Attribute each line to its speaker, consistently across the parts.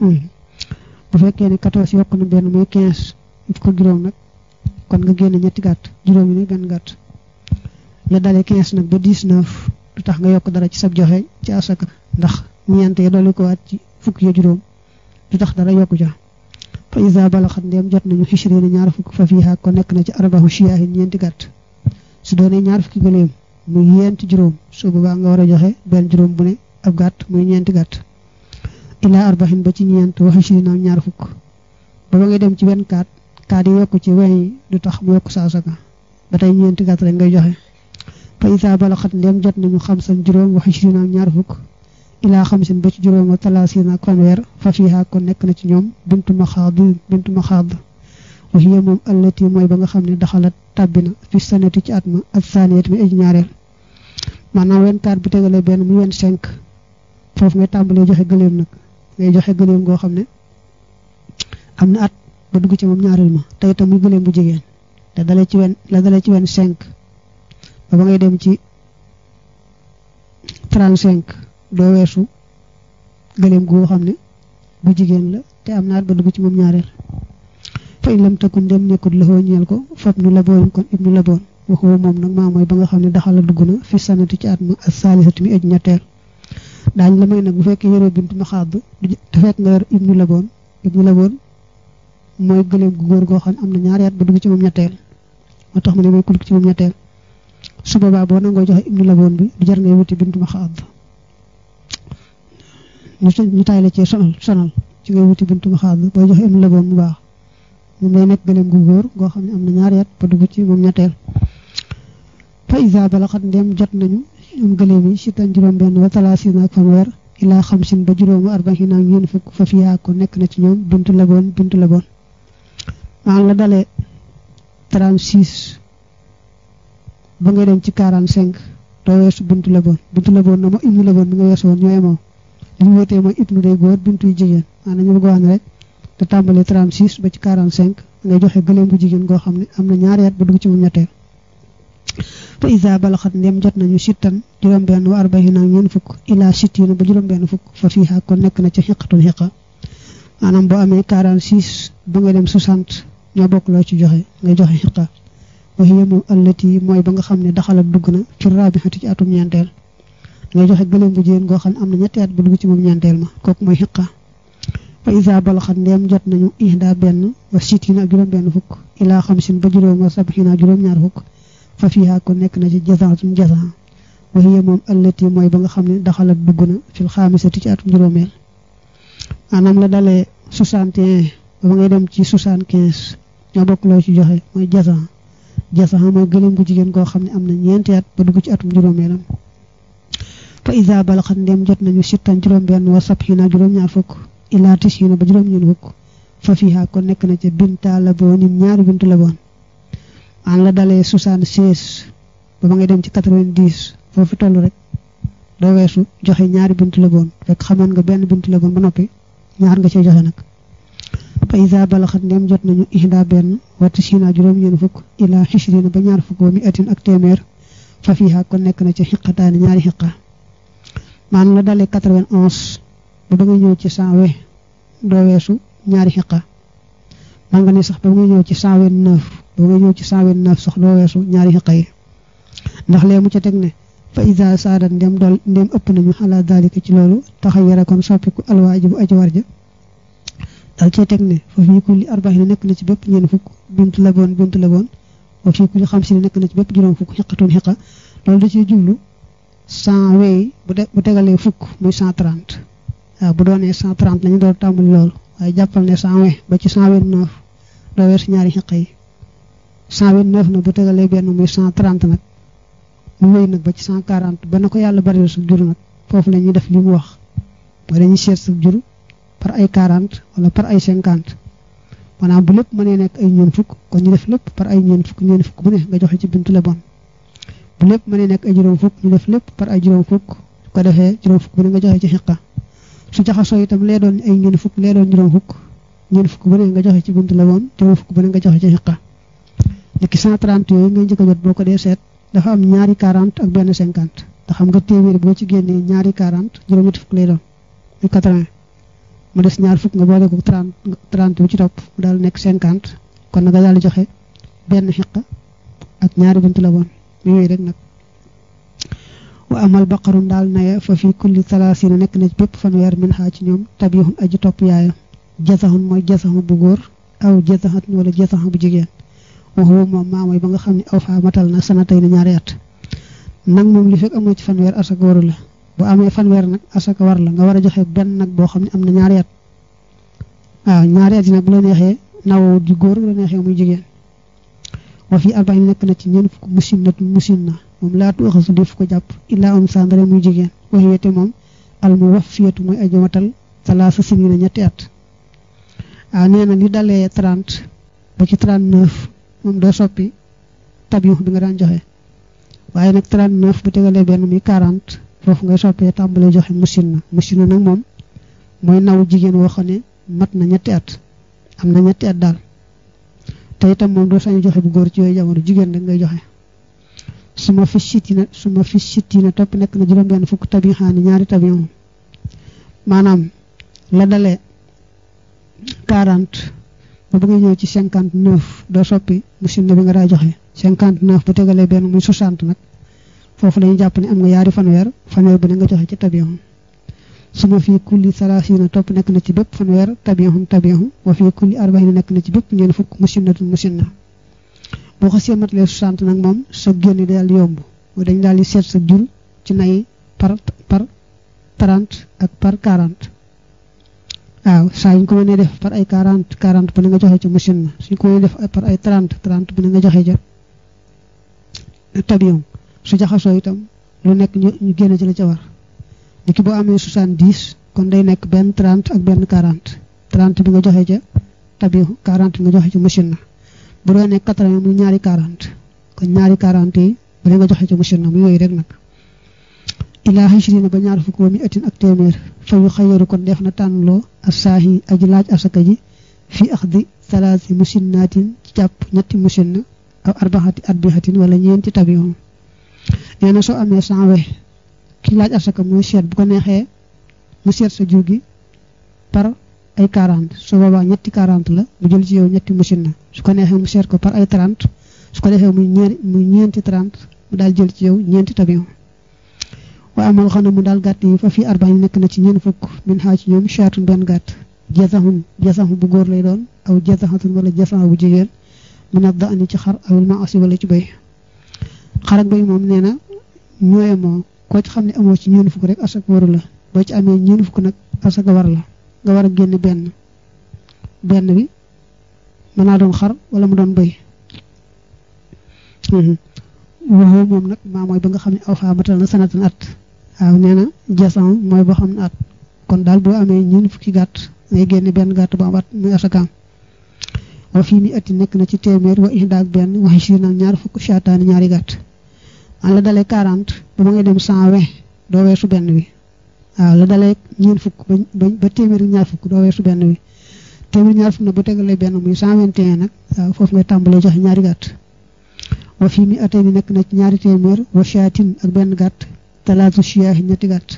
Speaker 1: Mm-hmm. bu fekkee ne 14 yokk na benn muy 15 def ko juróom nag kon nga génne ñetti gàtt juróom yi nag benn gàtt la dalee 15 nag ba 19 du tax nga yokk dara ci sab joxe ci asaka ndax ñeent ya dolli ko waat ci fukk ya juróom du tax dara yokku ja fa isa balaxat ndeem jot nañu fi xisriina ñaar fukk fa fiiha ko nekk na ci arbahu shiyaahin ñeenti gàtt su doonee ñaar fukki gëléem muy yenti juróom su boobaa nga war a joxe benn juróom bu ne ab gàtt ñeenti gàtt ilaa arbaxin ba ci ñeent waxi sina ñaar fukk ba ba dem ci benn kaat kaat yi yokk ci weñ yi tax mu yokk saa saka ba tey ñeenti kaat rek ngay joxe fa isaa balaxat ndem jot nañu xam san juróom waxi sina ñaar fukk ilaa xamsin ba ci juróom wa talaasina ak fanweer fa fiihaa ko nekk na ci ñoom bintu maxaad bintu maxaad wa hiya moom allati mooy ba nga xam ne daxalat tàbbi na fi sanati ci at ma ak saaniyat mi aj ñaareel maanaam wen kaat bu tegalee benn mu wen cinq foofu ngay tàmbalee joxe gëléem nag day joxe gëléem goo xam ne am na at ba dugg ci moom ñaareel ma tey itam muy bu jigéen te ci wen la dalee ci wen cinq ba ba dem ci trente cinq doo weesu gëléem goo xam ne bu jigéen la te am na at ba ci moom ñaareel fa in lam takun dem nekkut la xoo ñeel ko fab nu laboon kon ibnu laboon waxoo moom nag maa mooy ba nga xam ne daxal la dugg na fi sanatu ci at ma ak saalisatu mi aju ñetteel daañ la may nag bu fekkee yoroo bintu maxaab te fekk nga yor ibnu laboon ibnu laboon mooy gëléem gu góor goo xam ne am na ñaari ba dugg ci moom ñetteel moo tax mu ne mooy ku ci moom ñetteel su boobaa boo nangoo joxe ibnu laboon bi du jar ngay wuti bintu maxaab ñu tay la ci sonal sonal ci ngay wuti bintu maxaab booy joxe ibnu laboon mu baax moom day nekk gëléem gu góor goo xam ne am na ñaari at ba dugg ci moom ñetteel fa isa balaxat ndem jot nañu am gëléem yi si tan juróom-benn wa talaasina ak fanweer ilaa xamsin ba juróomu arbaxina ak ñeent fukk fa fiyaa ko nekk na ci ñoom bintu la boon bintu la boon maa ngi la dalee 36 ba ngay dem ci 45 doo weesu bintu la boon bintu na ma ibnu la boon mi nga weesu woon ñoo yemoo li ñu wootee mooy ibnu day góor bintu yu jigéen maanaam ñu bëgg wax ne rek te tàmbalee 36 ba ci 45 ngay joxe gëléem bu jigéen goo xam ne am na ñaari at ba dugg ci mu ñetteel fa isa balaxat ndem jot nañu sittan juróom-benn wa arbaxina ñeent fukk ila sittina ba juróom-benn fukk fa fiiha kon nekk na ci xiqatul xiqa maanaam boo amee 46 ba nga dem 60 ñoo bokk loo ci joxe ngay joxe xiqa wa hiya moom allati mooy ba nga xam ne daxal dugg na ci raabixati ci atum ñeenteel ngay joxe gëléem gu jigéen goo xam ne am na ñetti at bu dugg ci moom ñeenteel ma kooku mooy xiqa fa isa balaxat ndem jot nañu ihda benn wa sittina ak juróom-benn fukk ila xamsin ba juróom wa sabxina juróom-ñaar fukk fa fafiha ko nekk na ci jazaatun jazaa wa hiya moom allati mooy ba nga xam ne daxalat dugg na fil xaamisati ci atum juróomeel maanaam la dalee soixante et un ba ngay dem ci soixante quinze ñoo bokk loo ci joxe mooy jazaa jazaa mooy gëléem gu jigéen koo xam ne am na ñeenti at ba dugg ci atum juróomeelam fa isa balaxat ndem jot nañu sittan juróom benn wa sab xina juróom-ñaar fukk ilaa tis yi na ba juróom-ñeen fukk fafiha ko nekk na ci bintaa la ñaari bintu la an la dalee soixante-seize ba ma dem ci quatre-vingt-dix rek doo weesu joxe ñaari bunt la boon fekk xamoon nga benn bunt la ba noppi ñaar nga cee joxe nag fa isa balaxat ndem jot nañu ihda benn watti sina juróom ñeen fukk ila xishrina ba ñaar fukk wa ak téeméer fa fiiha kon nekk na ci xiqataani ñaari xiqa maanaam la dalee quatre-vingt-onze ba ba nga ñëw ci cent we doo weesu ñaari xiqa man nga ne sax ba nga ñëw ci cent vingt ba nga ñëw ci cent vingt neuf sax ñaari xiqa yi ndax lee mu ca teg ne fa isa saada ndem dool ndem ëpp nañu xalaa daalika ci loolu taxa yara kon soppiku alwaajibu aji war ja dal cee teg ne fa fii kulli arbaxina nekk na ci bépp ñeen fukk bintu la boon bintu la boon wa xam si xamsina nekk na ci bépp juróom fukk xiqatun xiqa loolu da cee jublu cent wey bu de bu tegalee fukk muy cent trente waaw bu doonee cent trente nañu doon tàmbali loolu waaye jàppal ne cent wey ba ci cent vingt neuf doo weesu ñaari xiqa yi cent vingt neuf nag bu tegalee benn muy cent trente nag mu ba ci cent quarante ba na ko yàlla bari su jur nag foofu la ñuy def li mu wax mooy dañuy seet sa jur par ay quarante wala par ay cinquante maanaam bu lépp mënee nekk ay ñeent fukk kon ñu def lépp par ay ñeent fukk ñeent fukk bu ne nga joxe ci bintu la bon bu lépp mënee nekk ay juróom fukk ñu def lépp par ay juróom fukk su ko defee juróom fukk nga joxe ci xiqa su jaxasoo itam lee doon ay ñeent fukk lee doon juróom fukk ñeent fukk bu ne nga joxe ci bintu la bon juróom fukk bu nga joxe ci xiqa léegi 130 yooyu ngay njëkk a jot boo ko dee seet dafa am ñaari 40 ak benn 50 te xam nga téeméer boo ci génnee ñaari 40 juróom-ñetti fukk lay doon des ñaar fukk nga boole ko 30 30 bu ci topp mu daal nekk 50 kon nga daal di joxe benn xiqa ak ñaari bunt la woon mu yooyu rek nag. wa amal baqarum daal naye fa fi kulli salaasina nekk na bépp fanweer min ci ñoom tabihun aji topp yaayam jasaxun mooy jasaxu bu góor aw jasaxat wala jasaxu bu jigéen. wax woo moom ba nga xam ne aw faa matal na sana tey ni ñaari nag moom li fekk amoo ci fanweer asaka waru la bu amee fanweer nag asaka war la nga war a joxe benn nag boo xam ne am na ñaari at waaw ñaari yi nag bu la neexee naw di góor bu la neexee muy jigéen wa fii arba'in nekk na ci ñeent fukk musin na musin na moom laatu jàpp illaa am muy jigéen wax wete moom al mu wax fiyatu mooy aju matal salaasa sini na ñetti at waaw nee li dalee 30 ba ci 39 moom doo soppi tabion bi nga daan joxe waaye nag 39 bu tegalee benn muy 40 foofu ngay soppee tàmbalee joxe musin na musin na nag moom mooy naw jigéen woo xam ne mat na ñetti at am na ñetti at daal te tam moom doo sañu joxe bu góor ci yooyu jamono jigéen rek ngay joxe su ma fi siti na su ma fi siti na topp nekk na juróom benn fukk tabion xaani ñaari tabion maanaam la dalee ba bëgg ñëw ci cinquante neuf doo soppi musinna bi nga daa joxe cinquante neuf bu tegalee benn muy sant nag foofu lañu jàpp ne am nga yaari fanweer fanweer bu ne nga joxe ci tabiyoom su ma fii kulli salaasina topp nekk na ci bépp fanweer tabiyoom tabiyoom wa fii kulli arbaxina nekk na ci bépp ñeen fukk musinnatun musinna boo xasee matalee sant nag moom sa génn daal yomb dañ daal di seet sa jur ci nay par par trent ak par quarante waaw saa yu ñu ko mënee def par ay 40 40 ba na nga joxe ca machine ma suñ ko mënee def par ay 30 30 ba nga joxe ca su jaxasoo itam lu nekk ñu génn ci la ca war ni boo amee 70 kon day nekk benn 30 ak benn 40 30 bi nga joxe ca tabiyon 40 bi nga joxe ca machine ma bu doonee 80 muy ñaari 40 kon ñaari 40 yi ba na nga joxe ca machine ma mu yooyu rek nag ilaa xashrina ba ñaar fukk wa mi atin ak téeméer fa yu xayaru kon def na tànnloo ak saahi aji laaj asaka ji fi axdi salaasi musinnaatin ci jàpp ñetti musinna aw arbaxati arbihatin wala ñeenti tabion nee na soo amee sanwe ki laaj asaka mooy seet bu ko neexee mu seet sa jur gi par ay 40 su boobaa ñetti 40 la mu jël ci yow ñetti musinna su ko neexee mu seet ko par ay 30 su ko defee muy ñeenti 30 mu daal jël ci yow ñeenti tabion xam ne xanamu daal gàtt yi fa fii arbaañ nekk na ci ñeent fukk min xaa ci ñoom chaatun benn gàtt jasaxun jasaxu bu góor lay doon aw jasaxatun wala jasax bu jigéen mu nag da andi ci xar awil ma asi ci béy xar ak moom nee na ñooye moo koo ci xam ne amoo ci ñeent fukk rek asaka waru la boo ci amee ñeent fukk nag asaka war la nga war a génn benn bi mën naa doon xar wala mu doon béy mhm. waxoo moom nag maa mooy ba nga xam ne aw faa matal na sanatan at waaw nee na jasan mooy boo xam ne at kon daal boo amee ñun fukki gàtt ngay génne benn gàtt bu am at muy asakaam wa fii mi ati nekk na ci téeméer wa ihdaak benn waxi si naan ñaar fukk shaataani ñaari gàtt man la dalee 40 ba ma ngay dem 120 doo weesu benn bi waaw la dalee ñeen fukk ba ba téeméer ñaar fukk doo weesu benn bi téeméer ñaar fukk na bu tegalee benn muy 121 nag waaw foofu ngay tàmbalee joxe ñaari gàtt wa fii mi ati nekk na ci ñaari téeméer wa shaatin ak benn gàtt talaatu siyaahi ñetti gàtt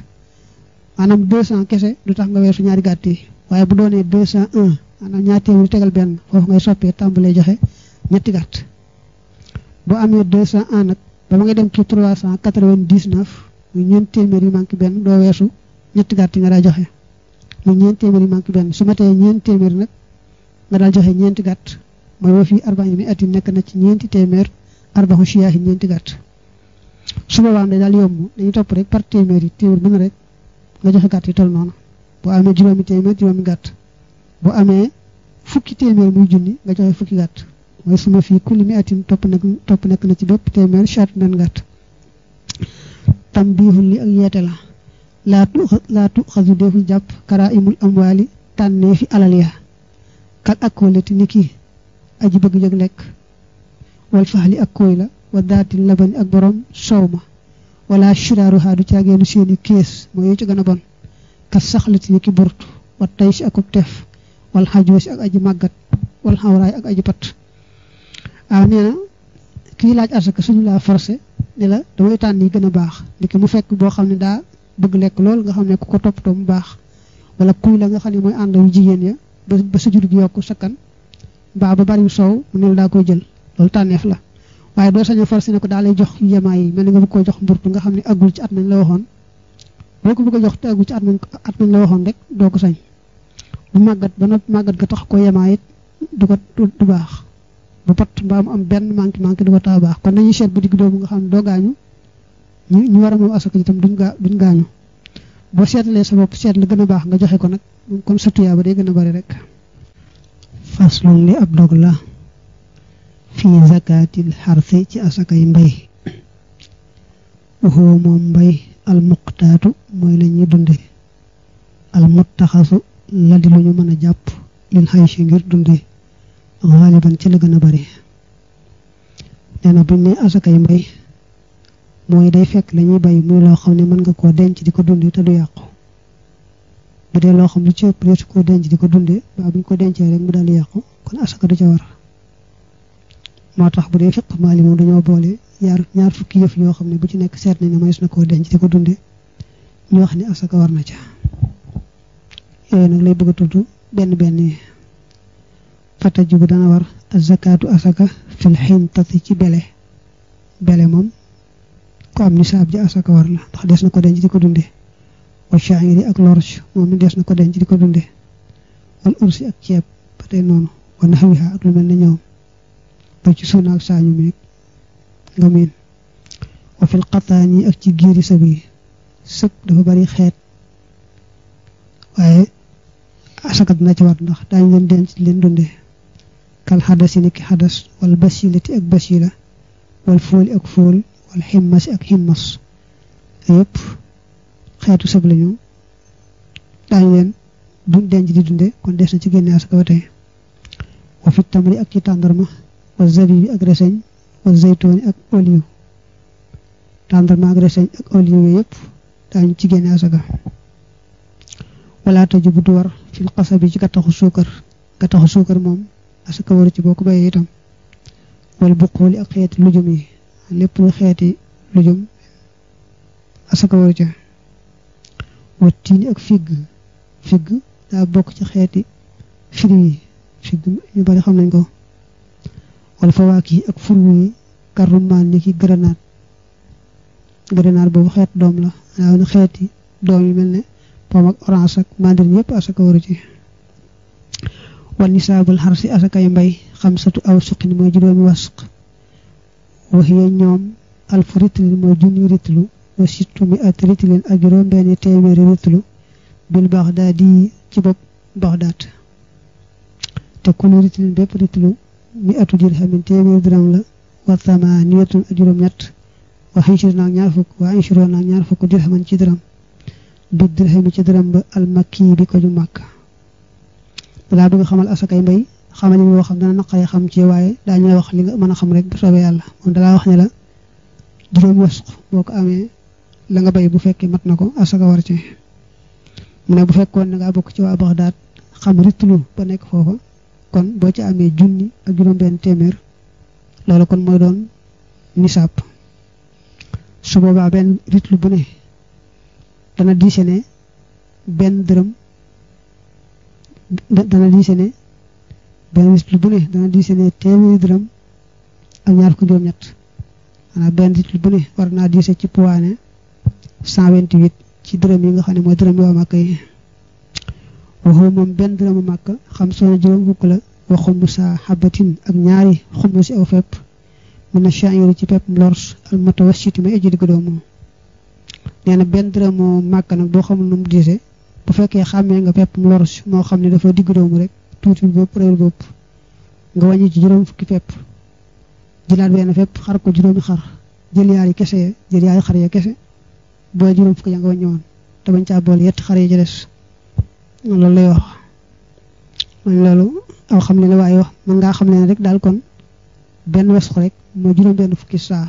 Speaker 1: maanaam deux cent kese du tax nga weesu ñaari gàtt waaye bu doonee deux cent un maanaam ñaar téeméer tegal benn foofu ngay soppee tàmbalee joxe ñetti gàtt boo amee deux cent un nag ba ma ngay dem ci trois cent quatre-vingt-dix-neuf mu ñeent téeméer yu benn doo weesu ñetti gàtt yi nga daa joxe mu ñeent téeméer yu manqué benn su ma tee ñeent téeméer nag nga daal joxe ñeenti gàtt mooy wa fii arbañ mi at yi nekk na ci ñeenti téeméer arbaxu siyaahi ñeenti gàtt su boobaa am day daal yomb dañuy topp rek par téeméer yi téeméer bu ne rek nga joxe gàtt yi toll noonu boo amee juróomi téeméer juróomi gàtt boo amee fukki téeméer muy junni nga joxe fukki gàtt mooy suma fii kulli mi atin topp nag topp nekk na ci bépp téeméer chaat nan gàtt tambiihul li ak yeete la laatu laatu xasu deful jàpp karaa imul amwaali tànnee fi alal ya kal ak kóolati ni kii aji bëgg jóg lekk wal faxli ak kóoy la wa daati labañ ak borom soow ma wala chiraaruha du caageenu seeni kees mooy yoo ci gën a bon kas saxlati ni ki burtu wa tey si akub teef wal xajwa si ak aji màggat wal xawraay ak aji pat waaw ah, nee kii laaj asaka suñu laa forcé ne la damay tànn gën a baax ndiki mu fekk boo xam ne daa bëgg lekk lool nga xam ne ku ko toppatoo mu baax wala kuy la nga xam ne mooy ànd yu jigéen ya ba ba gi yokk sakkan baa ba bariw soow mu ne daa koy jël loolu tànneef la waaye doo sañ a forcé ne ko daal lay jox yemaay yi mel ni nga bëgg koo jox mburtu nga xam ne aggul ci at nañ la waxoon boo ko bëgg a jox te aggul ci at nañ at nañ la waxoon rek doo ko sañ bu màggat ba noppi màggat nga tax ko yemaay it du ko du baax ba pat mbaam am benn manqué manqué du ko taa baax kon nañu seet bu digg doomu nga xam ne doo gaañu ñu ñu war a moom asaka ji tam duñ gaa duñ gaañu boo seetlee sa bopp seet la gën a baax nga joxe ko nag comme sa tuyaa ba day gën a bari rek faslun ab dog la fii zakaatil xarse ci asakay mbay waxoo moom mbay almuqtaatu mooy la ñuy dunde almuttaxasu la di lu ñu mën a jàpp lil xayshi ngir dunde xaaliban ci la gën a bari nee na buñ ne asakay mbay mooy day fekk la bay muy loo xam ne mën nga koo denc di ko dunde te du yàqu bu dee loo xam lu ci ëpp ko koo denc di ko dunde ba buñ ko dencee rek mu daal di yàqu kon asaka du ca war moo tax bu dee fiq maali dañoo boole yaar ñaar fukki yëf yoo xam ne bu ci nekk seet nañ ne may na koo denc di ko dunde wax ne asaka war na ca nag lay bëgg a tudd benn benn yi fataji bu dana war azakaatu asaka fil ci bele bele moom ko am nisaab ji asaka war des na ko denc di ko dunde wa shaangiri ak lorch moom mi des na ko denc di ko dunde wal ursi ak ceeb ba tey noonu wa naxwiha ak lu mel ne ñoom ba ci suuna ak saañu mi nga miin wa fil xataan yi ak ci géeri sëb yi sëb dafa bari xeet waaye asaka dina ci waat ndax daañu leen denc leen dunde kal xadas yi nekki xadas wal basilati ak basila wal fóoli di dunde kon des na ci génne asaka ba tey wa fi ak ci tàndarma wa zabibi ak reseñ wa zaytooni ak oliw tàndarma ak reseñ ak oliw yooyu yëpp daañu ci génne asaka walaata ji bu du war fil xasa bi ci gattaxu suukar gattaxu suukar moom asaka waru ci boo ko bayee itam wala bu ak xeeti lujum yi lépp lu xeeti lujum asaka waru ca wa ak figg figg daa bokk ci xeeti firi yi figg ñu bari xam nañ ko wala fawaaki yi ak furwi yi karrumaan ni ki grenade grenade boobu xeet doom la daa wan xeeti doom yi mel ne pomme ak orange ak mandarine yëpp asaka waru ci wan nisaabul xarsi asakay mbay xam satu aw suqin mooy juróomi wasq waxiye ñoom alfu ritlin mooy junni ritlu wa sittu mi at ritlin ak juróom benn téeméeri ritlu bil baxdaad yi ci bopp baxdaat te kulu ritlin bépp ritlu mi atu dirhamin téeméer dërëm la wa thamaniyatun ak juróom-ñett wa ishruuna ak ñaar fukk wa ishruuna ak ñaar fukk dirhaman ci dërëm bi ci dërëm ba almakki bi ko ju màkk dalaa bëgg xamal asakay mbay xamal li woo xam dana naqaree xam ci waaye daañu la wax li nga mën a xam rek bu soobee yàlla moom dalaa la juróom boo ko amee la nga bay bu fekkee mat na ko asaka war ci mu ne bu fekkoon ne ngaa bokk ci waa Baxdaad xam ritlu ba nekk foofa kon boo ci amee junni ak juróom-benn téeméer loolu kon mooy doon nisaab su boobaa benn ritlu bu ne dana diise benn dërëm dana diise ne benn bu ne dana diise ne dërëm ak ñaar ko juróom-ñett maanaam benn ritlu bu ne war naa diise ci puwaane 128 ci dërëm yi nga xam ne mooy dërëm yoo ma kay waxoo moom benn dërëmu màkk xam soo juróom fukk la wa xumb saa xabatin ak ñaari xumb si aw fepp mën na changé ci pepp lors al mutawassiti may aju digg doomu nee na benn dërëmu màkk nag boo xamul nu mu diise bu fekkee xàmmee nga pepp lors moo xam ne dafa digg doomu rek tuuti bopp réew nga wàññi ci juróom fukki pepp jëlaat benn fepp xar ko juróomi xar jël yaari kese ya jël yaari xar ya kese boo juróom fukki ya nga wàññi woon te bañ caa boole yett xar ya ca loolu lay wax man loolu xam ne la waaye wax ngaa xam ne rek daal kon benn wes wesxu rek moo juróom benn fukki saa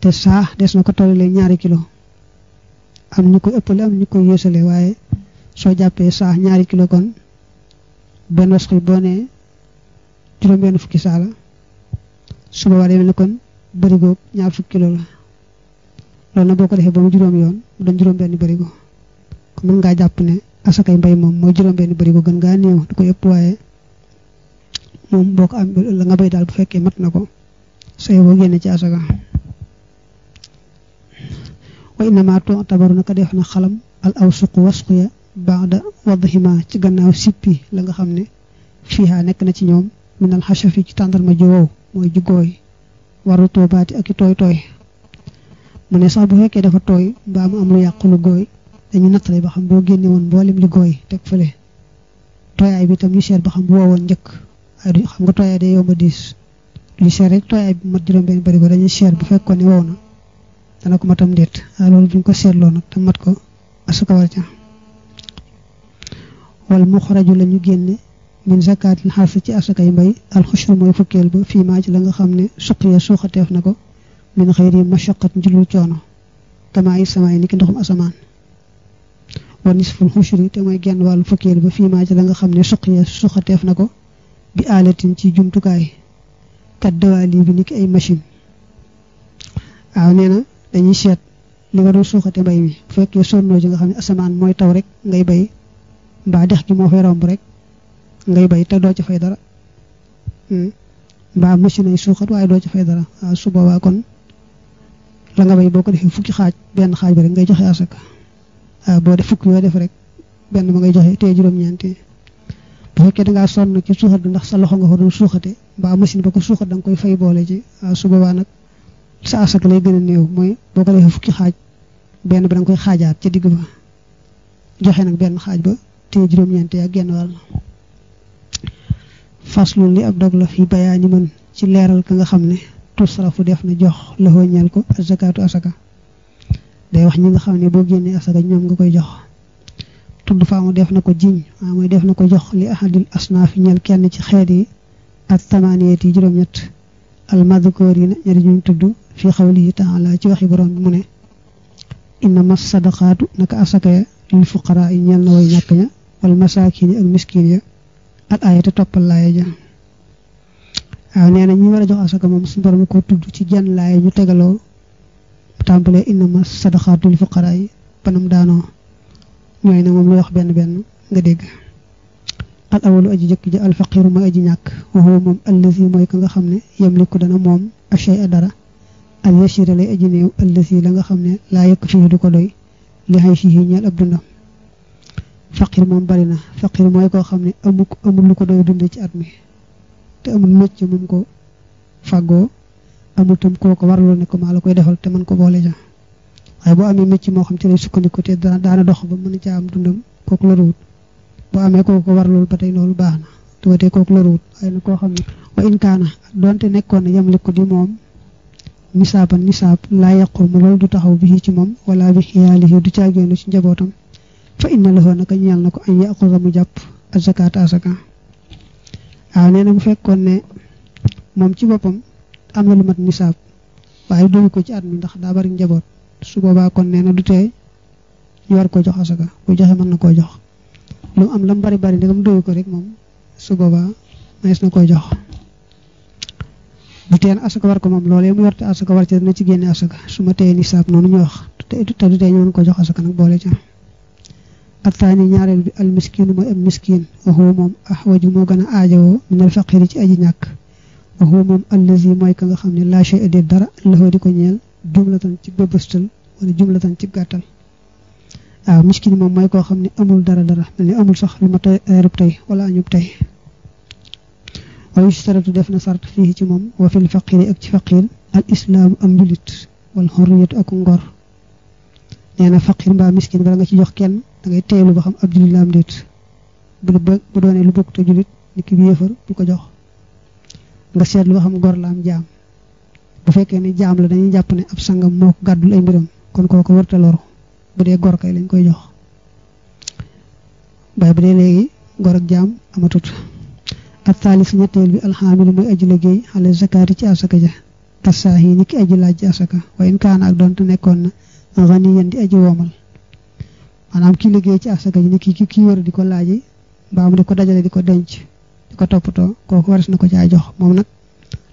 Speaker 1: te saa des na ko tollalee ñaari kilo am ñu koy ëppale am ñu koy yéesale waaye soo jàppee saax ñaari kilo kon benn wesxu boo nee juróom benn fukki saa la suba waa demee kon bërigoog ñaar fukki kilo la loolu na boo ko defee ba mu juróom yoon mu doon juróom benn bërigo kon mën ngaa jàpp ne asakay mbay moom mooy juróom-benn bëri ko gën ngaa néew du ko yëpp waaye moom boo ko am la nga bay daal bu fekkee mat na ko sooy boo génne ci asaka wa inama to tabaru naka def na xalam al aw suqu wasqu ya baada wadhima ci gannaaw sippi la nga xam ne fiiha nekk na ci ñoom minal xachafi ci tàndal ma jowow mooy jugooy waru toobaati ak i tooy tooy mu ne sax bu fekkee dafa tooy mbaa mu am gooy dañu nattale ba xam boo génne woon mboolem li teg fële tooyaay bi tam ñu seet ba xam bu woowoon njëkk waaye du xam nga tooyaay day yomb a diis duñu seet rek tooyaay bi mat juróom-benn bari ko dañuy seet bu fekkoon ne wow na dana ko matam déet waaye ah, loolu duñ ko seetloo nag te mat ko asuka war ca wala mu xoraju la ñu génne min zakaatil xaas ci asakay mbay alxushru mooy fukkeel ba fii maa ci la nga xam ne suq ya suuxateef na ko min xëyri ma njulul coono kama ay samaay ni ki ndoxum wa nisful xushri te mooy genn wàllu fukkeel ba fii maa la nga xam ne suqiya suxateef na ko bi aalatin ci jumtukaay kat dawaali bi ni ki ay machine waaw nee na dañuy seet li waroon suuxate mbay mi bu fekkee sonnoo ji nga xam ne asamaan mooy taw rek ngay bay mbaa dex gi moo fay romb rek ngay bay te doo ci fay dara hmm. mbaa machine ay suuxat waaye doo ci fay dara waaw su boobaa kon la nga bay boo ko defee fukki xaaj benn xaaj bi rek ngay joxe asaka waaw ah, boo def fukk yoo def rek benn ma ngay joxe te juróom-ñeenti bu fekkee da ngaa sonn ci suuxat bi ndax sa loxo nga ko doon suuxate mbaa machine ba ko suuxat da koy fay boole ci waaw ah, su boobaa nag sa asaka lay gën a néew mooy boo ko defee fukki xaaj benn ba da nga koy xaajaat ci digg ba joxe nag benn xaaj ba tey juróom-ñeenti ak genn wàll faslu li ab dog la fi bayaani mën ci leeral ka nga xam ne tusrafu def na jox la ñeel ko azakaatu asaka day wax ñi nga xam ne boo génnee asaka ñoom nga koy jox tudd faamu def na ko jiñ waaw mooy def na ko jox li ahadil asnaaf ñel kenn ci xeet yi ak tamaaniyat yi juróom-ñett almadkoor yi na ñari ñuñ tudd fi xawlihi taala ci waxi borom bi mu ne innama sadaqaatu naka asaka ya lil fuqaraa ñeel na way ñàkk ña wal masaakin yi ak miskin ya al ayata toppal laaya ja waaw nee na ñi war jox asaka moom suñu borom ko tudd ci jenn laaya ñu tegaloo tàmbalee innama sadaqaatu lil fuqaraa yi banam daanoo ñooy ne moom la wax benn benn nga dégg al awalu aji jëkk ji al faqiru mooy aji ñàkk waxoo moom allazi mooy ka nga xam ne ko dana moom achay a dara al yasira lay aji néew allazi la nga xam ne laa yëkk fii du ko doy li xay fii ñeel ab dundam faqir moom bari na faqir mooy koo xam ne amul amul lu ko doy dund ci at mi te amul mécc mum ko fàggoo amul tam koo ko warloo ne ko maa la koy defal te mën ko boole ja waaye boo amee métier moo xam ci lay sukkandiku te daana dox ba mën a ca am dundam kooku loruwut boo amee koo ko warlool ba tey loolu baax na te ba tey kooku loruwut waaye nag koo xam ne wa inkaana donte nekkoon na yem ko di moom nisaaban nisaab laa yàqu mu loolu du taxaw bi ci moom wala bi xiyaalihi du caageenu ci njabootam fa inna lahu naka ñeel na ko añ yàqusa mu jàpp azakaata asaka waaw nee na bu fekkoon ne moom ci boppam am na lu mat nisaab waaye duñu ko ci at mi ndax daa bari njaboot su boobaa kon nee na du tee ñu war koo jox asaka bu joxe mën na koo jox lu am lam bari bari ndegam duñu ko rek moom su boobaa manees na jox bu teen asaka war ko moom loolee mu warte asaka war ci dana ci génne asaka su ma tee nisaab noonu ñu wax te du tee ñu mën ko jox asaka nag boole ci attaani ñaareel bi al miskiin mooy am miskiin waxu moom ahwaju moo gën a aajowoo minal faqiri ci aji ñàkk wax moom allazi mooy ka nga xam ne laa shay dara loxo di ko ñeel jumlatan ci bëbëstal wala jumlatan ci gàttal waaw miskin moom mooy koo xam ne amul dara dara mel ni amul sax lu ma tey reer tey wala añub tey waaye saratu def na sart fii ci moom wa fil faqiri ak ci faqir al islaamu am njulit wal xorriyatu ak ngor nee na faqir mbaa miskin bala nga ci jox kenn da ngay teeylu ba xam ab julit la am déet bu doonee lu bokk te julit ni ki bi yëfar bu ko jox nga seetlu ba xam gor la am jaam bu fekkee ni jaam la dañuy jàpp ne ab sangam moo ko gàddul ay mbiram kon kooku warta loru bu dee gor lañ koy jox waaye bu dee léegi gor ak jaam amatut ak taalis ñetteel bi alxaamilu mooy aji liggéey xale zakaati ci asaka ja tassaax yi ni ki aji laaj ci asaka waaye in kaana ak doonte nekkoon na ganiyan di aji woomal maanaam ki liggéey ci asaka ji ni ki ki wër di ko laaji mbaam di ko dajale di ko denc di ko toppatoo kooku waras na ko caa jox moom nag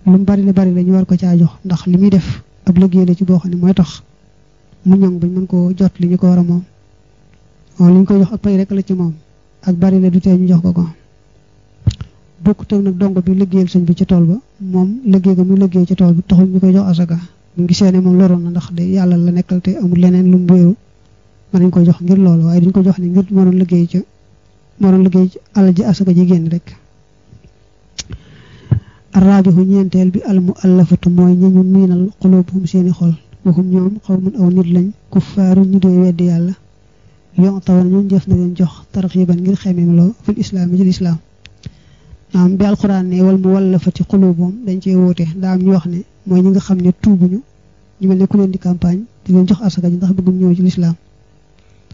Speaker 1: lu mu bari la bari la ñu war ko caa jox ndax li muy def ab liggéey la ci boo xam ne mooy tax mu ñoŋ bañ mën koo jot li ñu ko war a moom moom li koy jox rek la ci moom ak bari la du tee ñu jox ko ko bokkut ak nag bi liggéeyal sëñ bi ca tool ba moom liggéey ko mu liggéey ci tool bi taxul ñu koy jox asaka mu gisee ne moom loroon na ndax de yàlla la nekkal te amul leneen lu mu wéeru mën nañ ko jox ngir loolu waaye duñ ko jox ni ngir moo doon liggéey ci moo doon ci alal ji asaka ji génn rek arraabihu ñeenteel bi almu allafatu mooy ñi ñu miinal xuluubuhum seeni xol waxum ñoom xawmun aw nit lañ kuffaaru ñu dee weddi yàlla yon tawa ñun jëf na leen jox tarxiiban ngir xemem loo fil islaam ci lislaam naam bi alxuraan ne wal mu wallafati xuluubuhum dañ cee woote daa ñu wax ne mooy ñi nga xam ne tuubuñu ñu mel ne ku leen di campagne di leen jox asaka ji ndax bëgguñ ñëw ci lislaam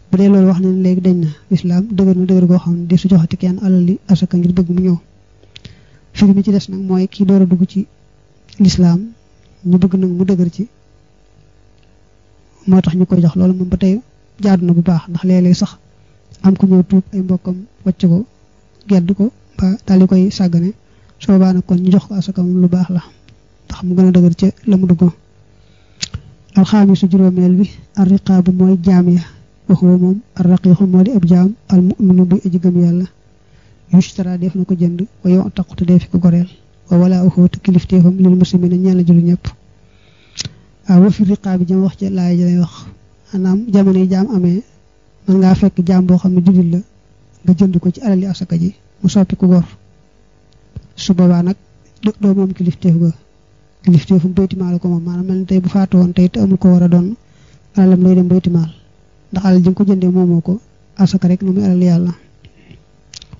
Speaker 1: bu dee loolu wax ne léegi dañ na lislaam dëgër na dëgër goo xam ne di su joxati kenn alal li asaka ngir bëgg mu ñëw firi ci des nag mooy kii door a dugg ci lislaam ñu bëgg nag mu dëgër ci moo tax ñu koy jox loolu moom ba tey jaadu na bu baax ndax léeg sax am ku ñëw tuub ay mbokkam wàcc ko gedd ko ba daal di koy sàggane su boobaa nag kon ñu jox ko asaka moom lu baax la ndax mu gën a dëgër ca la mu duggoon alxaamisu juróomeel bi ar riqaabu mooy jaam ya waxuwa moom ar raqiixu moo ab jaam al muminu bi aji gëm yàlla yushtara def na ko jënd wa yow taqute dee fi ko goreel wa wala uxoo te kilifteefam lil muslimina ñeel jullit ñëpp waaw ah, wa fi riqaa bi jëm wax ci laay wax maanaam jamono yi jaam amee mën ngaa fekk jaam boo xam ne jullit la nga jënd ko ci alali asaka ji mu soppi ku gor su boobaa nag doo moom kilifteef ga kilifteef mu baytimaal ko moom maanaam mel ni tey bu faatu woon tey te amul ko war doon alalam lay dem baytimaal ndax alal ji ko jëndee moomoo ko asaka rek lu muy alal yàlla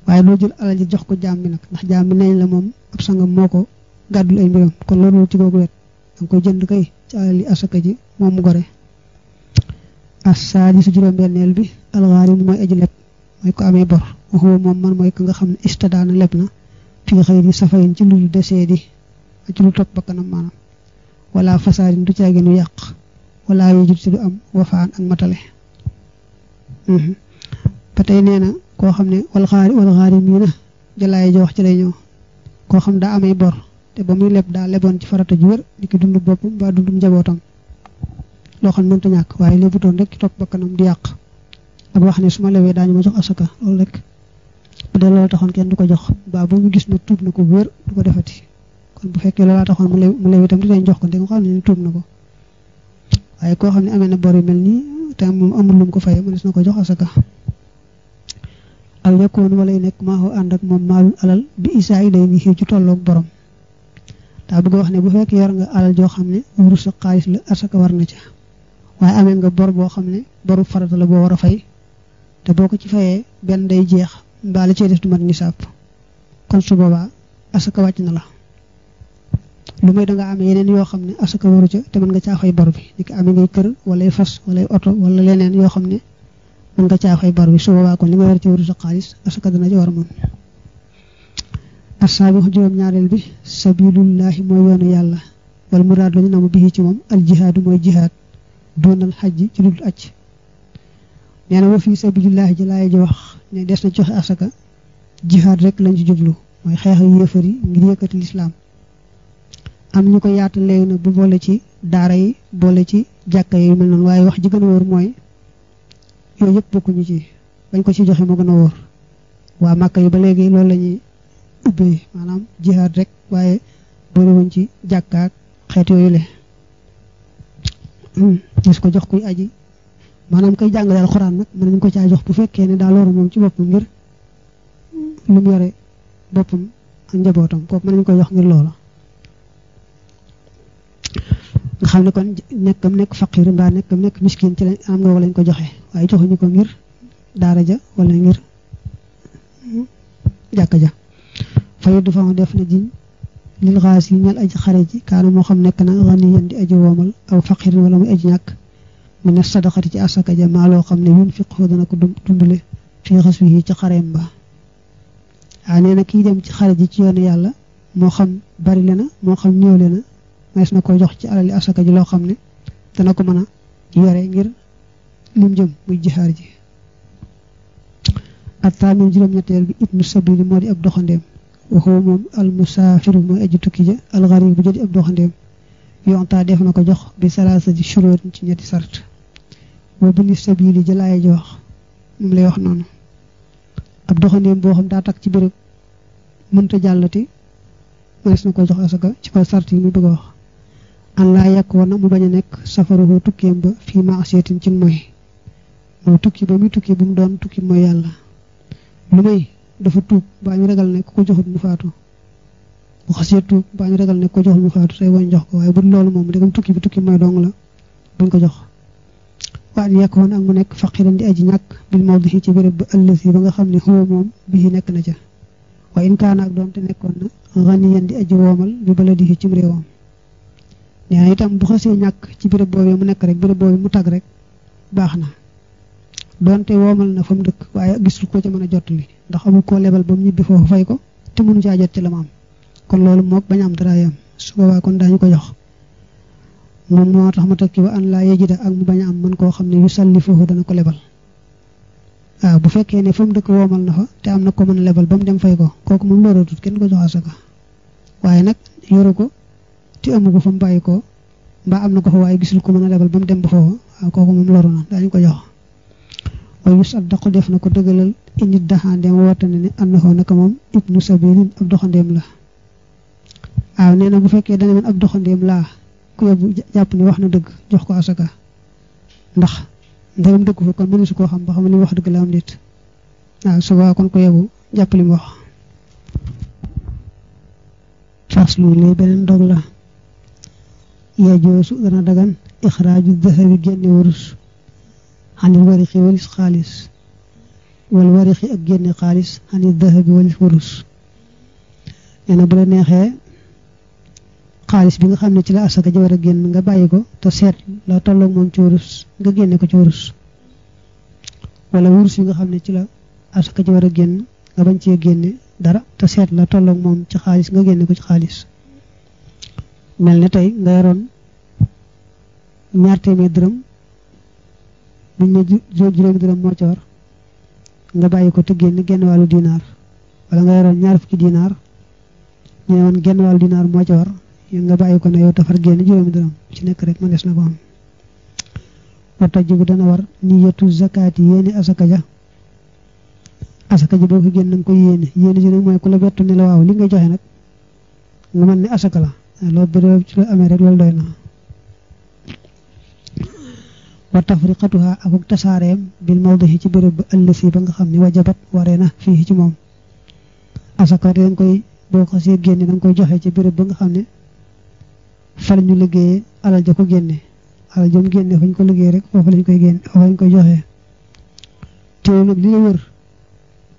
Speaker 1: waaye doo jël alal ji jox ko jaam bi nag ndax jaam bi nañ la moom ab sangam moo ko gàddul ay mbiram kon loolu ci googu wet danga koy jënd kay ci alal yi asaka ji moom mu gore assaadi su juróom-benneel bi alxaari mu mooy aji leb mooy ko amee bor waxuwa moom man mooy ko nga xam ne istadaana leb na fi nga xëy di safayin ci lu desee di ci lu topp bakkanam maanaam wala fasaadin du caaginu yàq wala yejut ci du am wafaan ak matale mhm. ba tey nee koo xam ne wal xaari wal xaari mii na jalaay joox ci lay ñëw koo xam daa amee bor te ba muy leb daa leboon ci farata ji wér di ki dund boppam mbaa dundum njabootam loo xam ne mënta ñàkk waaye lébu doon rek ci topp bakkanam di yàq ak wax ne su ma lewee daañu ma jox asaka loolu rek bu dee loolu taxoon kenn du ko jox baa bu ñu gis ne tuub na ko wér du ko defati kon bu fekkee loolaa taxoon mu lew mu lew itam dinañ jox ko ndeg nga xam ne tuub na ko waaye koo xam ne amee na bor yu mel nii te moom amul lu mu ko fayee su na ko jox asaka aw yakkoon wala yu nekk maaxoo ànd ak moom maalul alal bi isaa yi day ni xiw ci tolloog borom daa bëgg wax ne bu fekk yor nga alal joo xam ne wurus ak xaalis la asaka war na ca waaye amee nga bor boo xam ne boru farata la boo war a fay te boo ko ci fayee benn day jeex mbaa la cee def du mat nisaab kon su boobaa asaka wàcc na la lu may danga amee yeneen yoo xam ne asaka waru ca te mën nga caa fay bor bi ni ko amee ngay kër walay fas walay oto wala leneen yoo xam ne mën nga caa fay bor bi su boobaa kon li nga war ci waru sa xaalis asaka dana ci war moom asaabi juróom-ñaareel bi sabilullahi mooy yoonu yàlla wala muraad lañu namu bi ci moom al jihaadu mooy jihaad doonal xaj ci lu dul aj nee na wa fii sabilillahi ji laay ji wax ne des na joxe asaka jihaad rek lañ ci jublu mooy xeex yéefar yi ngir yëkkati lislaam am ñu ko yaatal léegi nag bu boole ci daara yi boole ci jàkka yi mel noonu waaye wax ji gën mooy yooyu yëpp bokkuñu ci bañ ko ci joxe moo gën a wóor waa Màkka yi ba léegi loolu lañuy ñuy ubbee maanaam jihaad rek waaye boolewuñ ci jàkkaak xeet yooyu le gis hmm, ko jox kuy aji maanaam kay jàngale alxuraan nag mën nañ ko caa jox bu fekkee ne daal loru moom ci boppam ngir lu mu yore boppam ak njabootam kooku mën nañ koy jox ngir loola nga xam ne kon nekkam nekk faqiir mbaa nekkam nekk miskin ci lañ am nga lañ ko joxe waaye joxuñu ko ngir daara ja wala ngir hmm, jàkka ja fayu du fa def na jiñ lil xaas yi ñal aji xare ji kaana moo xam nekk na xaniyan di aji woomal aw faqir wala muy aji ñàkk mu ne sadaxati ci asaka ja maa loo xam ne yun fiqhu dana ko dundale fii xas wi ci xareem ba waaw nee na kii dem ci xare ji ci yoonu yàlla moo xam bari le moo xam ñëw le na mees na ko jox ci alali asaka ji loo xam ne dana ko mën yore ngir moom jëm muy jihaar ji attaamin juróom-ñetteel bi ibnu sabili moo di ab doxandeem waxoo moom al mooy aji tukki ja al bu jëdi ab doxandeem yontaa def na ko jox bi salaasa ji shuróot ci ñetti sart boo bini sabili jëlaaye ji wax moom lay wax noonu ab boo xam daa takk ci béréb mënta jàllati mënees na jox asaka ci kaw sart yi muy bëgg a wax an laa yàkk war na mu bañ a nekk safaruhu tukkeem ba fii maasiyatin ci mooy mooy tukki ba muy tukki bu mu doon tukki mooy yàlla lu may dafa tuub baa ñu ragal ne ku ko joxut mu faatu bu xasee tuub baa ñu ragal ne ku ko joxut mu faatu tey bañ jox ko waaye bu loolu moom dagam tukki bi tukki mooy dong la buñ ko jox waan yekkoon ak mu nekk faqiran di aji ñàkk bil mawdihi ci béréb ba ëllësi ba nga xam ne xoo moom bii nekk na ca waaye in kaana ak doonte nekkoon na ganiyan di aji woomal bi baladihi cim réewam na itam bu xasee ñàkk ci béréb boobee mu nekk rek béréb boobee mu tag rek baax na bante woomal na fa mu dëkk waaye gisul ko ca mën a jot li ndax amul koo lebal ba mu ñibbi foofu fay ko te mënu caa jot ci la mu am kon loolu moog bañ am dara yam su boobaa kon daañu ko jox moom moo tax ma tekki wa an laa yejida ak bañ am mën koo xam ne yu salli foofu ko lebal bu fekkee ne fa mu dëkk woomal na fa te am na ko mën a lebal ba mu dem fay ko kooku moom looratut kenn ko jox waaye nag yoru ko te amu ko fa mu bàyyi koo mbaa am na ko fa waaye gisul ko mën a lebal ba mu dem ba foofu waaw kooku moom loru na daañu ko jox wa yu saddaqu def na ko dëggalal init daxandeem woote na ne annahu moom ibnu sabilin ab doxandeem la waaw nee na bu fekkee dana meen ab doxandeem laa ku yóbbu jàpp ni wax na dëgg jox ko asaka ndax ndegam dëgg fa kon mënu su koo xam ba xam li wax dëgg la am nit waaw suba kon ko yóbbu jàpp mu wax faslu lay beneen dog la yajoosu dana dagan ixraaju dahabi génne wurus xanil warixi walis xaalis wal warixi ak génne xaalis xanil dahabi walis wurus nee na bu la neexee xaalis bi nga xam ne ci la asaka war a génn nga bàyyi ko te seet la tolloog moom ci wurus nga génne ko ci wurus wala wurus yi nga xam ne ci la asaka ja war a génn nga bañ cee génne dara te seet la tollook moom ci xaalis nga génne ko ci xaalis mel ne tey nga yoroon ñaar téeméer dërëm buñ ne jur juróomi dërëm moo ci war nga bàyyi ko te génn genn wàllu dinaar wala nga yoroon ñaar fukki dinaar ñu ne genn wàllu dinaar moo ca war yow nga bàyyi ko ne yow tafar génn juróomi dërëm ci nekk rek mënees na ko am. wa tajibu dana war niyatu zakaati yéene asaka ja asaka ja boo génn nga ko yéene yéene ji nag mooy ku la bettu ne la waaw li nga joxe nag nga mën ne asaka la loolu bëri ci la amee rek loolu doy na. wa tafriqatuha akuk tasaareem bil mawdihi ci béréb ba ëllësi ba nga xam ni wajabat waree na fii ci moom asaka dañ koy boo ko see génne dañ koy joxe ci béréb ba nga xam ne fa la ñu liggéeyee alal ja ko génne alal jom génne fañ ko liggéey rek foofu lañ koy génne foofu lañ koy joxe te nag la wër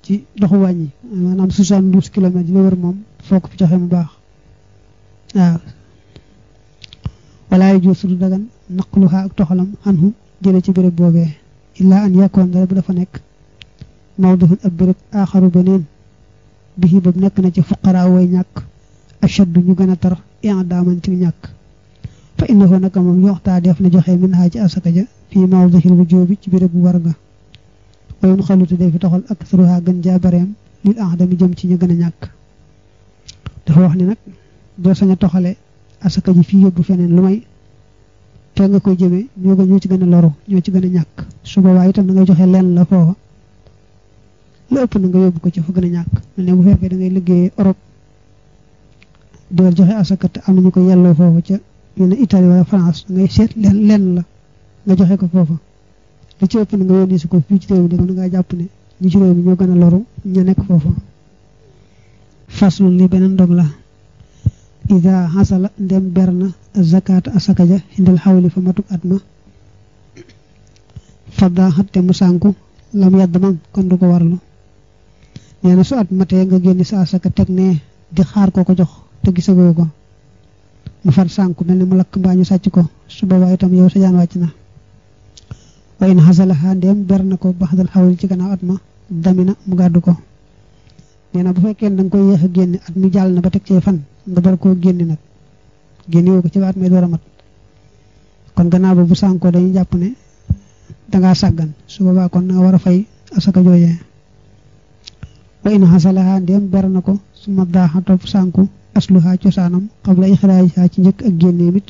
Speaker 1: ci doxu wàññi maanaam soixante-douze kilomètres li la wër moom foo ko fi joxe mu baax waaw walaay jur su du dagan naqluha ak toxalam anhu jële ci béréb boobee illaa an yàkkoon dara bu dafa nekk mawduhun ab béréb aaxaru beneen bihi boobu nekk na ci fuqaraa way ñàkk ñu gën tar i'daaman ci ñàkk fa innahu naka moom yoxtaa def na joxe min ci asaka ja fii mawdihil ci béréb bu war ga wayun xalutu toxal ak suruha gën jaa bareem lil ahdami jëm ci gën a ni nag doo sañ a toxale asaka ji fii yóbbu feneen lu may te nga koy jëme ñoo ko ñoo ci gën a loru ñoo ci gën a ñàkk su boobaa itam da ngay joxe lenn la foofa la ëpp na nga yóbbu ko ci fa gën a ñàkk mel ne bu fekkee dangay ngay liggéeyee Europe di joxe asaka am am ñu ko yelloo foofu ca ñu ne Italie wala France ngay seet lenn lenn la nga joxe ko foofa li ci ëpp na nga yónni si ko fii ci réew mi da ngaa jàpp ne ñi ci réew mi ñoo gën a loru ña nekk foofa faslu li beneen dog la ida xasala ndem ber na zakaata asaka ja indal xawli fa matuk at ma fadda xatte mu kon ko warlu na su at matee nga génne sa di xaar koo ko jox te gisagoo ko mu far sànku mel ni mu lakk mbaa ñu sàcc ko su boobaa itam yow sa jaan wàcc na wa in xasala xaa ndem ber na ko baxdal xawli ci gannaaw at ma damina mu gàddu ko nee na bu fekkee danga koy yéex a génne at mi jàll na ba teg cee fan nga bar koo génne nag génne ko ci baat may door a mat kon gannaaw ba bu sànkoo dañuy jàpp ne dangaa sàggan su boobaa kon nga war a fay asaka jooje wa in xasalaha ndéem ber na ko su ma daaxa topp sànku asluha cosaanam xabla xaa ci njëkk ak génneem it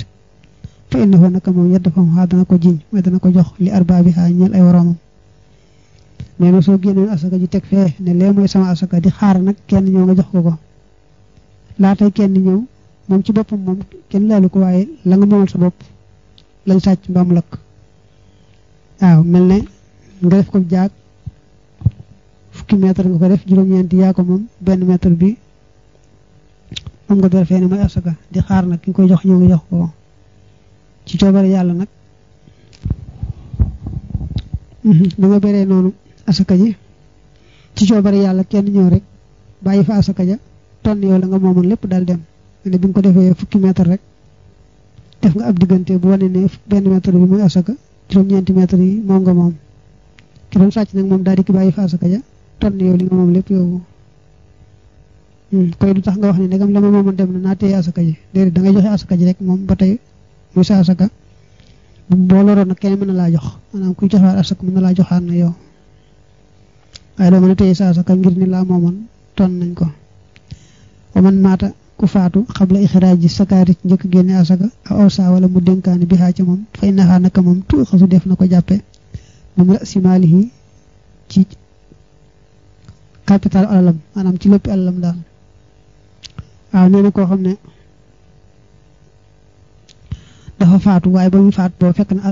Speaker 1: fa innahu naka moom yedd fa mu xaa dana ko jiñ mooy dana ko jox li arbaabiha ñeel ay woroomam nee na soo génneen asaka ji teg fee ne lee mooy sama asaka di xaar nag kenn ñoo nga jox ko ko laata kenn ñëw moom ci boppam moom kenn laalu ko waaye la nga moomal sa bopp lañ sàcc mbaam lakk waaw mel ne nga def ko jaag fukki mètre nga ko def juróom-ñeenti yaa ko moom benn mètre bi moom nga door fee di xaar nag ki nga koy jox ñëw nga jox ko ci coobare yàlla nag da mhm, nga bëree noonu asaka ji ci coobare yàlla kenn ñëw rek bàyyi fa asaka ja tonn yow la nga moomoon lépp daal dem ne bi ko defee fukki mètre rek def nga ab diggante bu wane ne benn mètre bi mooy asaka juróom-ñeenti mètre yi moom nga moom ki doon sàcc moom daal di ki bàyyi fa asaka ja tonn yow li nga moom lépp du hmm, tax nga wax ne ndegam na naa téye asaka ji déedéet da ngay joxe asaka ji rek moom ba tey muy sa asaka boo loroon nag mën na laa jox maanaam kuy joxaat asaka mën na laa joxaat na yow waaye doo mën a téye sa asaka ngir ni laa nañ ko wa man maata ku faatu xabla ixiraaji sakaari njëkk génne asaka aw saa wala mu dénkaani bi xaa moom fay naxaa naka moom tuuxasu def na ko jàppe moom la simaalihi ci capital alalam maanaam ci léppi alalam daal waaw nee koo xam ne dafa faatu waaye ba mu faat boo fekk na